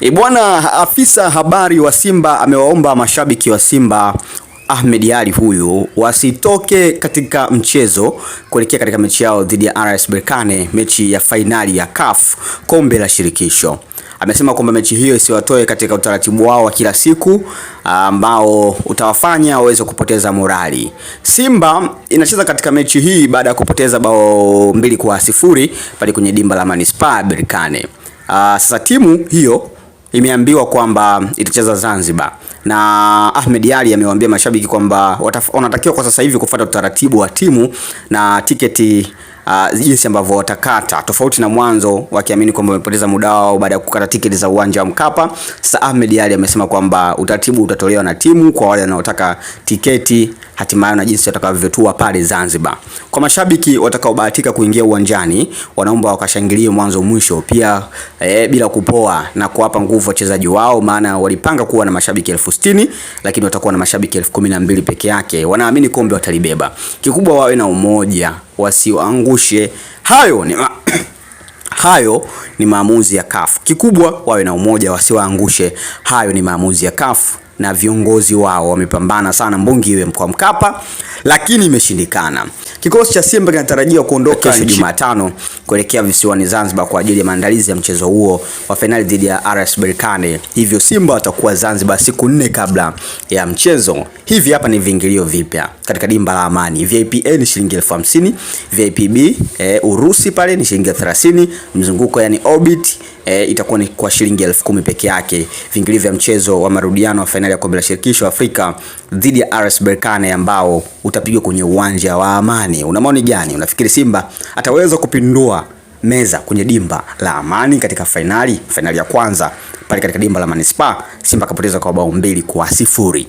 E bwana, afisa habari wa Simba amewaomba mashabiki wa Simba Ahmed Ally huyu wasitoke katika mchezo kuelekea katika mechi yao dhidi ya RS Berkane, mechi ya fainali ya CAF kombe la shirikisho. Amesema kwamba mechi hiyo isiwatoe katika utaratibu wao wa kila siku ambao utawafanya waweze kupoteza morali. Simba inacheza katika mechi hii baada ya kupoteza bao mbili kwa sifuri pale kwenye dimba la Manispaa Berkane. Ah, sasa timu hiyo imeambiwa kwamba itacheza Zanzibar na Ahmed ali amewaambia mashabiki kwamba wanatakiwa kwa sasa hivi kufuata utaratibu wa timu na tiketi uh, jinsi ambavyo watakata, tofauti na mwanzo wakiamini kwamba wamepoteza muda wao baada ya kukata tiketi za uwanja wa Mkapa. Sasa Ahmed Ally amesema kwamba utaratibu utatolewa na timu kwa wale wanaotaka tiketi hatimaye na jinsi watakavyotua pale Zanzibar. Kwa mashabiki watakaobahatika kuingia uwanjani, wanaomba wakashangilie mwanzo mwisho pia e, bila kupoa na kuwapa nguvu wachezaji wao, maana walipanga kuwa na mashabiki elfu sitini lakini watakuwa na mashabiki elfu kumi na mbili peke yake. Wanaamini kombe watalibeba. Kikubwa wawe na umoja wasiwaangushe. Hayo ni ma hayo ni maamuzi ya CAF. Kikubwa wawe na umoja, wasiwaangushe. Hayo ni maamuzi ya CAF na viongozi wao wamepambana sana Mbungi iwe mkoa Mkapa, lakini imeshindikana. Kikosi cha Simba kinatarajiwa kuondoka kesho Jumatano kuelekea visiwani Zanzibar kwa ajili ya maandalizi ya mchezo huo wa fainali dhidi ya RS Berkane. Hivyo Simba watakuwa Zanzibar siku nne kabla ya mchezo. Hivi hapa ni viingilio vipya katika dimba la Amani. VIP A ni shilingi elfu hamsini, VIP B e, Urusi pale ni shilingi 30, mzunguko yani orbit E, itakuwa ni kwa shilingi elfu kumi peke yake. Viingilio vya mchezo wa marudiano wa fainali ya kombe la shirikisho Afrika dhidi ya RS Berkane ambao utapigwa kwenye uwanja wa Amani. Una maoni gani? Unafikiri Simba ataweza kupindua meza kwenye dimba la Amani katika fainali fainali ya kwanza pale katika dimba la Manispaa, Simba akapoteza kwa bao mbili kwa sifuri.